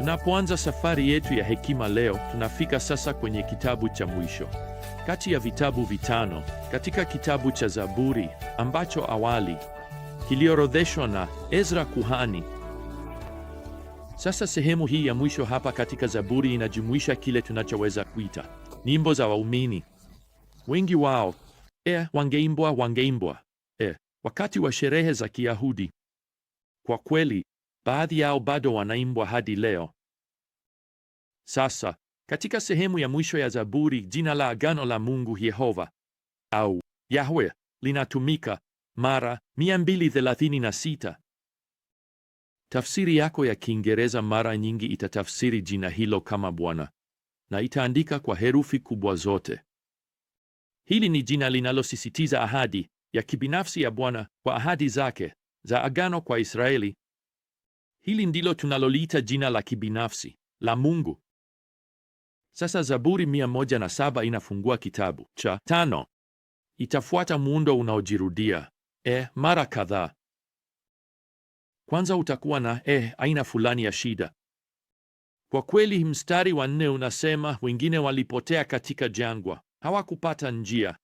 Tunapoanza safari yetu ya hekima leo, tunafika sasa kwenye kitabu cha mwisho kati ya vitabu vitano katika kitabu cha Zaburi ambacho awali kiliorodheshwa na Ezra kuhani. Sasa sehemu hii ya mwisho hapa katika Zaburi inajumuisha kile tunachoweza kuita nyimbo za waumini. Wengi wao e, wangeimbwa wangeimbwa e, wakati wa sherehe za Kiyahudi. Kwa kweli Baadhi yao bado wanaimbwa hadi leo. Sasa, katika sehemu ya mwisho ya Zaburi, jina la agano la Mungu Yehova au Yahwe linatumika mara 236. Tafsiri yako ya Kiingereza mara nyingi itatafsiri jina hilo kama Bwana na itaandika kwa herufi kubwa zote. Hili ni jina linalosisitiza ahadi ya kibinafsi ya Bwana kwa ahadi zake za agano kwa Israeli Hili ndilo tunaloliita jina la kibinafsi la Mungu. Sasa Zaburi 107 inafungua kitabu cha tano. Itafuata muundo unaojirudia e mara kadhaa. Kwanza utakuwa na e aina fulani ya shida. Kwa kweli, mstari wa nne unasema wengine walipotea katika jangwa, hawakupata njia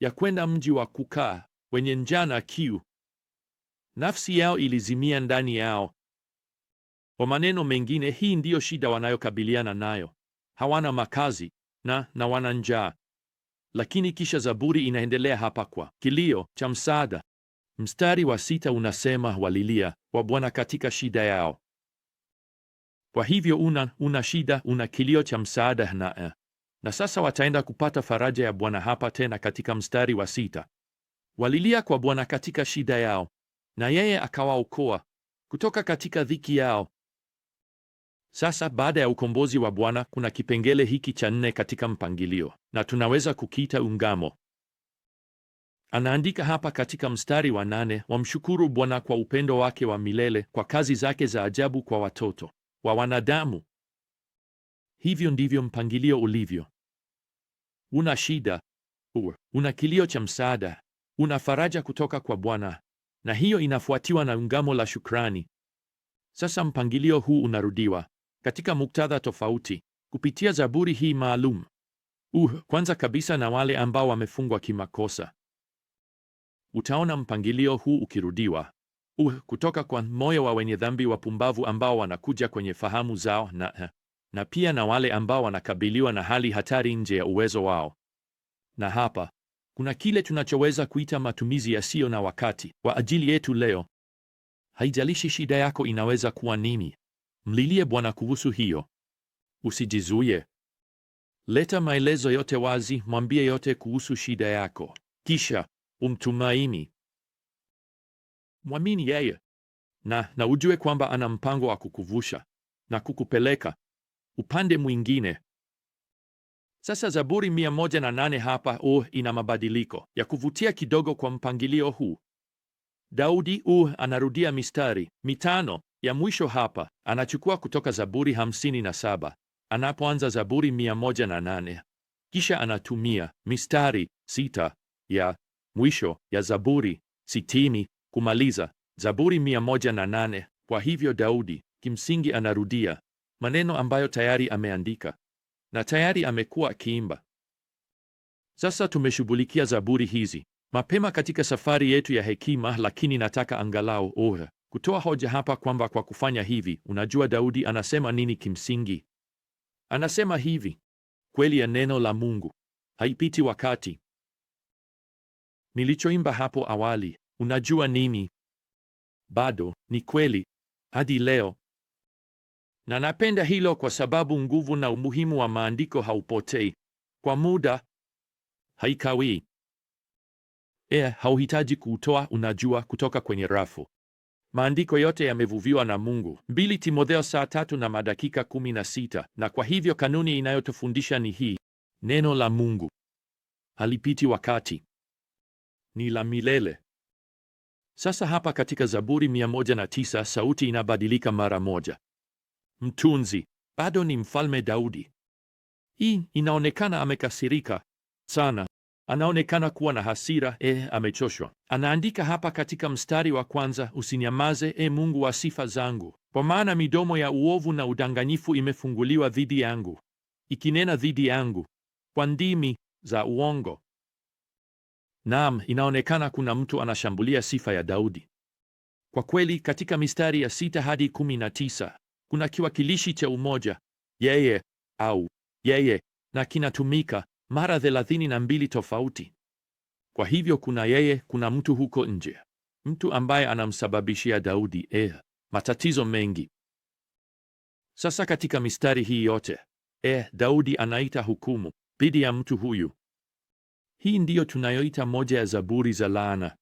ya kwenda mji wa kukaa, wenye njaa na kiu, nafsi yao ilizimia ndani yao. Kwa maneno mengine, hii ndiyo shida wanayokabiliana nayo. Hawana makazi na na wana njaa. Lakini kisha Zaburi inaendelea hapa kwa kilio cha msaada. Mstari wa sita unasema walilia kwa Bwana katika shida yao. Kwa hivyo una una shida, una kilio cha msaada na eh. Na sasa wataenda kupata faraja ya Bwana hapa tena katika mstari wa sita. Walilia kwa Bwana katika shida yao, na yeye akawaokoa kutoka katika dhiki yao. Sasa baada ya ukombozi wa Bwana kuna kipengele hiki cha nne katika mpangilio na tunaweza kukiita ungamo. Anaandika hapa katika mstari wa nane, wamshukuru Bwana kwa upendo wake wa milele, kwa kazi zake za ajabu kwa watoto wa wanadamu. Hivyo ndivyo mpangilio ulivyo. Una shida, una kilio cha msaada, una faraja kutoka kwa Bwana, na hiyo inafuatiwa na ungamo la shukrani. Sasa mpangilio huu unarudiwa katika muktadha tofauti kupitia zaburi hii maalum. Uh, kwanza kabisa na wale ambao wamefungwa kimakosa. Utaona mpangilio huu ukirudiwa uh, kutoka kwa moyo wa wenye dhambi wapumbavu ambao wanakuja kwenye fahamu zao na, eh, na pia na wale ambao wanakabiliwa na hali hatari nje ya uwezo wao. Na hapa kuna kile tunachoweza kuita matumizi yasiyo na wakati kwa ajili yetu leo. Haijalishi shida yako inaweza kuwa nini, Mlilie Bwana kuhusu hiyo, usijizuie. Leta maelezo yote wazi, mwambie yote kuhusu shida yako, kisha umtumaini, mwamini yeye, na na ujue kwamba ana mpango wa kukuvusha na kukupeleka upande mwingine. Sasa Zaburi mia moja na nane hapa o oh, ina mabadiliko ya kuvutia kidogo kwa mpangilio huu. Daudi u uh, oh, anarudia mistari mitano ya mwisho hapa anachukua kutoka Zaburi 57 anapoanza Zaburi 108, kisha anatumia mistari sita ya mwisho ya Zaburi sitini kumaliza Zaburi 108. Kwa hivyo Daudi kimsingi anarudia maneno ambayo tayari ameandika na tayari amekuwa akiimba. Sasa tumeshughulikia zaburi hizi mapema katika safari yetu ya hekima, lakini nataka angalau oha kutoa hoja hapa kwamba kwa kufanya hivi, unajua Daudi anasema nini? Kimsingi anasema hivi, kweli ya neno la Mungu haipiti wakati. Nilichoimba hapo awali, unajua nini, bado ni kweli hadi leo, na napenda hilo kwa sababu nguvu na umuhimu wa maandiko haupotei kwa muda, haikawii. E, hauhitaji kuutoa, unajua, kutoka kwenye rafu Maandiko yote yamevuviwa na Mungu. Mbili Timotheo saa tatu na madakika kumi na sita. Na kwa hivyo kanuni inayotufundisha ni hii: neno la Mungu halipiti wakati, ni la milele. Sasa hapa katika Zaburi 109 sauti inabadilika mara moja. Mtunzi bado ni mfalme Daudi. Hii inaonekana amekasirika sana. Anaonekana kuwa na hasira, e, amechoshwa. Anaandika hapa katika mstari wa kwanza, usinyamaze e Mungu wa sifa zangu, kwa maana midomo ya uovu na udanganyifu imefunguliwa dhidi yangu, ikinena dhidi yangu kwa ndimi za uongo. Naam, inaonekana kuna mtu anashambulia sifa ya Daudi. Kwa kweli katika mistari ya sita hadi kumi na tisa kuna kiwakilishi cha umoja yeye au yeye, na kinatumika mara thelathini na mbili tofauti. Kwa hivyo kuna yeye, kuna mtu huko nje, mtu ambaye anamsababishia Daudi eh, matatizo mengi. Sasa katika mistari hii yote eh, Daudi anaita hukumu dhidi ya mtu huyu. Hii ndiyo tunayoita moja ya zaburi za laana.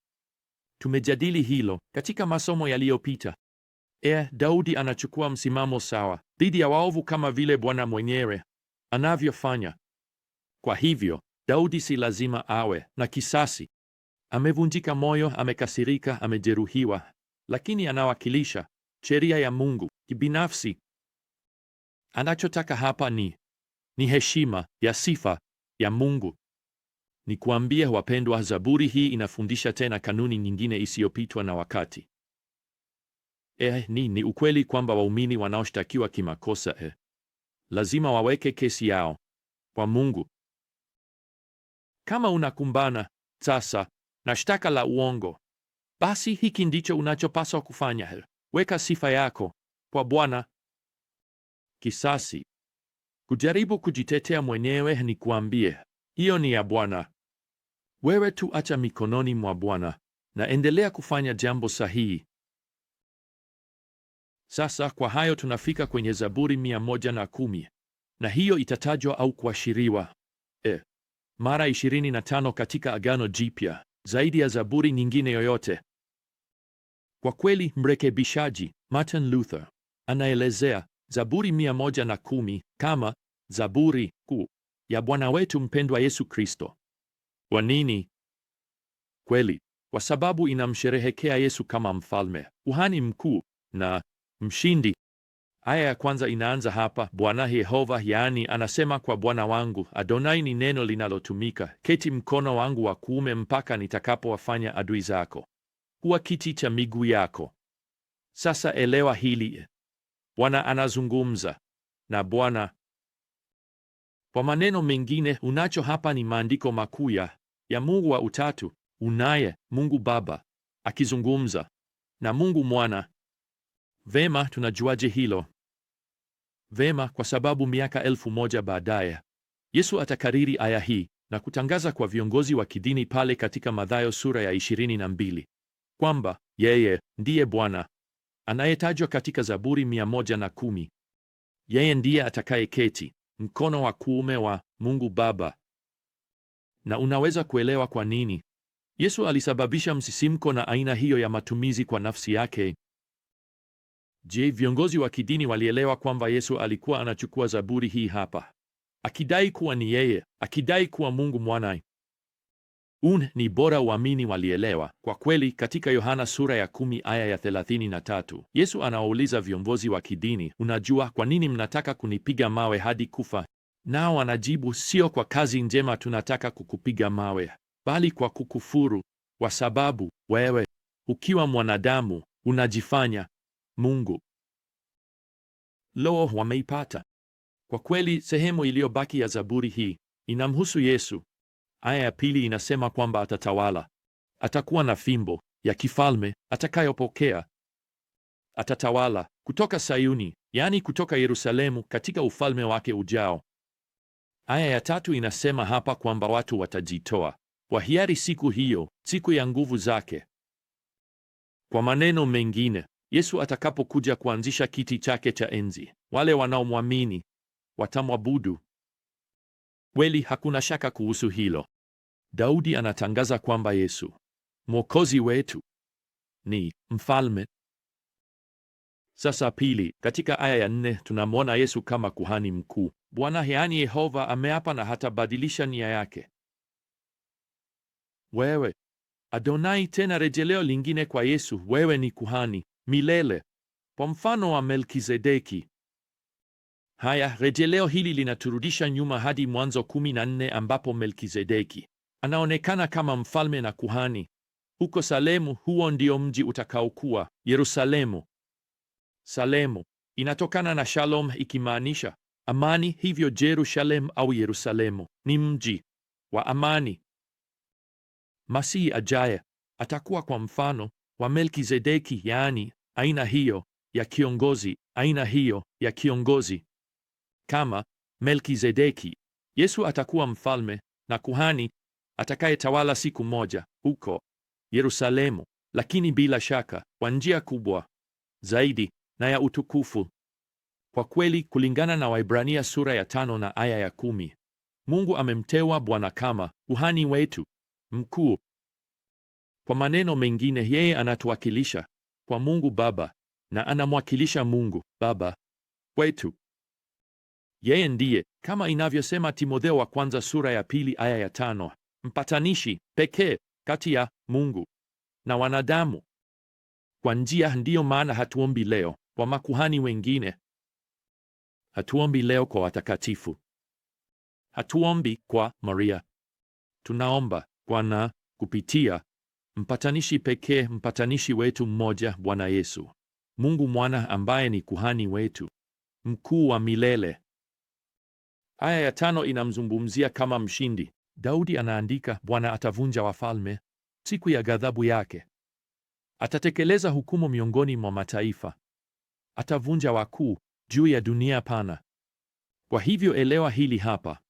Tumejadili hilo katika masomo yaliyopita. Eh, Daudi anachukua msimamo sawa dhidi ya waovu kama vile Bwana mwenyewe anavyofanya. Kwa hivyo Daudi si lazima awe na kisasi. Amevunjika moyo, amekasirika, amejeruhiwa, lakini anawakilisha sheria ya Mungu kibinafsi. Anachotaka hapa ni ni heshima ya sifa ya Mungu. Nikuambie wapendwa, Zaburi hii inafundisha tena kanuni nyingine isiyopitwa na wakati. Eh, ni ni ukweli kwamba waumini wanaoshtakiwa kimakosa eh, lazima waweke kesi yao kwa Mungu. Kama unakumbana sasa na shtaka la uongo, basi hiki ndicho unachopaswa kufanya: weka sifa yako kwa Bwana. Kisasi kujaribu kujitetea mwenyewe, ni kuambie hiyo ni ya Bwana. Wewe tu acha mikononi mwa Bwana na endelea kufanya jambo sahihi. Sasa kwa hayo tunafika kwenye Zaburi 110 na hiyo itatajwa au kuashiriwa eh, mara 25 katika Agano Jipya, zaidi ya zaburi nyingine yoyote. Kwa kweli, mrekebishaji Martin Luther anaelezea Zaburi 110 kama zaburi kuu ya Bwana wetu mpendwa Yesu Kristo. Kwa nini? Kweli, kwa sababu inamsherehekea Yesu kama mfalme, kuhani mkuu na mshindi. Aya ya kwanza inaanza hapa, Bwana Yehova, yaani anasema kwa Bwana wangu. Adonai ni neno linalotumika, keti mkono wangu wa kuume mpaka nitakapowafanya adui zako kuwa kiti cha miguu yako. Sasa elewa hili, Bwana anazungumza na Bwana. Kwa maneno mengine, unacho hapa ni maandiko makuu ya Mungu wa Utatu. Unaye Mungu Baba akizungumza na Mungu Mwana Vema, tunajuaje hilo? Vema, kwa sababu miaka elfu moja baadaye Yesu atakariri aya hii na kutangaza kwa viongozi wa kidini pale katika Mathayo sura ya 22 kwamba yeye ndiye Bwana anayetajwa katika Zaburi 110. Yeye ndiye atakayeketi mkono wa kuume wa Mungu Baba. Na unaweza kuelewa kwa nini Yesu alisababisha msisimko na aina hiyo ya matumizi kwa nafsi yake. Je, viongozi wa kidini walielewa kwamba Yesu alikuwa anachukua zaburi hii hapa, akidai kuwa ni yeye, akidai kuwa Mungu mwanaye? Un ni bora uamini walielewa kwa kweli. Katika Yohana sura ya kumi aya ya tatu Yesu anawauliza viongozi wa kidini, unajua kwa nini mnataka kunipiga mawe hadi kufa? Nao wanajibu, sio kwa kazi njema tunataka kukupiga mawe, bali kwa kukufuru, kwa sababu wewe ukiwa mwanadamu unajifanya Mungu. Loo, wameipata kwa kweli. Sehemu iliyobaki ya Zaburi hii inamhusu Yesu. Aya ya pili inasema kwamba atatawala, atakuwa na fimbo ya kifalme atakayopokea, atatawala kutoka Sayuni, yaani kutoka Yerusalemu, katika ufalme wake ujao. Aya ya tatu inasema hapa kwamba watu watajitoa kwa hiari siku hiyo, siku ya nguvu zake. Kwa maneno mengine, Yesu atakapokuja kuanzisha kiti chake cha enzi, wale wanaomwamini watamwabudu kweli. Hakuna shaka kuhusu hilo. Daudi anatangaza kwamba Yesu mwokozi wetu ni mfalme. Sasa pili, katika aya ya nne tunamwona Yesu kama kuhani mkuu. Bwana yaani Yehova ameapa na hatabadilisha nia yake. Wewe Adonai, tena rejeleo lingine kwa Yesu, wewe ni kuhani milele kwa mfano wa Melkizedeki. Haya, rejeleo hili linaturudisha nyuma hadi Mwanzo 14 ambapo Melkizedeki anaonekana kama mfalme na kuhani huko Salemu. Huo ndio mji utakaokuwa Yerusalemu. Salemu inatokana na Shalom ikimaanisha amani, hivyo Jerusalem au Yerusalemu ni mji wa amani. Masihi ajaye atakuwa kwa mfano wa Melkizedeki, yaani aina hiyo ya kiongozi, aina hiyo ya kiongozi kama Melkizedeki. Yesu atakuwa mfalme na kuhani atakayetawala siku moja huko Yerusalemu, lakini bila shaka kwa njia kubwa zaidi na ya utukufu. Kwa kweli, kulingana na Waibrania sura ya tano na aya ya kumi, Mungu amemtewa Bwana kama kuhani wetu mkuu. Kwa maneno mengine, yeye anatuwakilisha kwa Mungu Baba na anamwakilisha Mungu Baba kwetu. Yeye ndiye kama inavyosema Timotheo wa kwanza sura ya pili aya ya tano, mpatanishi pekee kati ya Mungu na wanadamu. Kwa njia ndiyo maana hatuombi leo kwa makuhani wengine, hatuombi leo kwa watakatifu, hatuombi kwa Maria, tunaomba kwa na kupitia mpatanishi pekee, mpatanishi wetu mmoja, Bwana Yesu, Mungu Mwana, ambaye ni kuhani wetu mkuu wa milele. Aya ya tano inamzungumzia kama mshindi. Daudi anaandika, Bwana atavunja wafalme siku ya ghadhabu yake, atatekeleza hukumu miongoni mwa mataifa, atavunja wakuu juu ya dunia pana. Kwa hivyo elewa hili hapa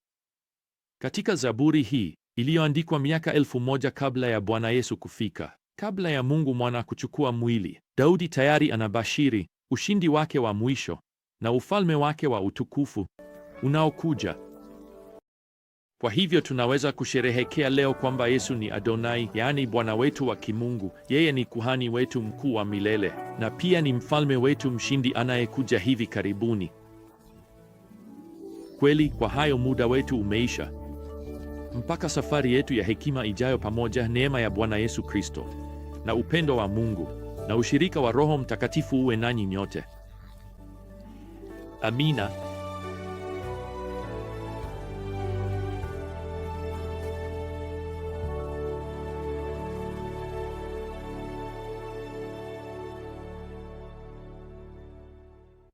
katika zaburi hii iliyoandikwa miaka elfu moja kabla ya Bwana Yesu kufika, kabla ya Mungu Mwana kuchukua mwili. Daudi tayari anabashiri ushindi wake wa mwisho na ufalme wake wa utukufu unaokuja. Kwa hivyo tunaweza kusherehekea leo kwamba Yesu ni Adonai, yaani Bwana wetu wa kimungu. Yeye ni kuhani wetu mkuu wa milele na pia ni mfalme wetu mshindi anayekuja hivi karibuni. Kweli, kwa hayo muda wetu umeisha. Mpaka safari yetu ya hekima ijayo, pamoja neema ya Bwana Yesu Kristo na upendo wa Mungu na ushirika wa Roho Mtakatifu uwe nanyi nyote. Amina.